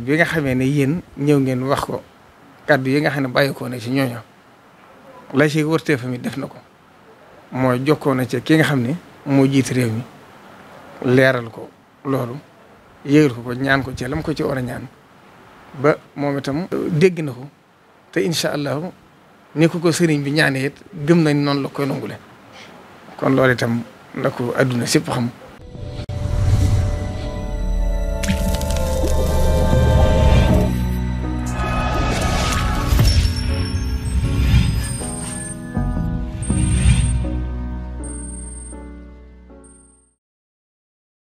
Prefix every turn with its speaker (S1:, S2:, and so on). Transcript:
S1: bi nga xamee ne yéen ñëw ngeen wax ko kàddu yi nga xam ne bàyyikoo na ci ñooñu la ci wërtee fa mi def na ko mooy jokkoo na ci ki nga xam ne moo jiite réew mi leeral ko loolu yëgal ko ko ñaan ko ci lam ko ci war a ñaan ba moom itam dégg na ko te incha allahu ni ko ko sëriñ bi ñaanee it gëm nañ noonu la koy nangule kon loolu
S2: itam na
S1: ko adduna sépp xam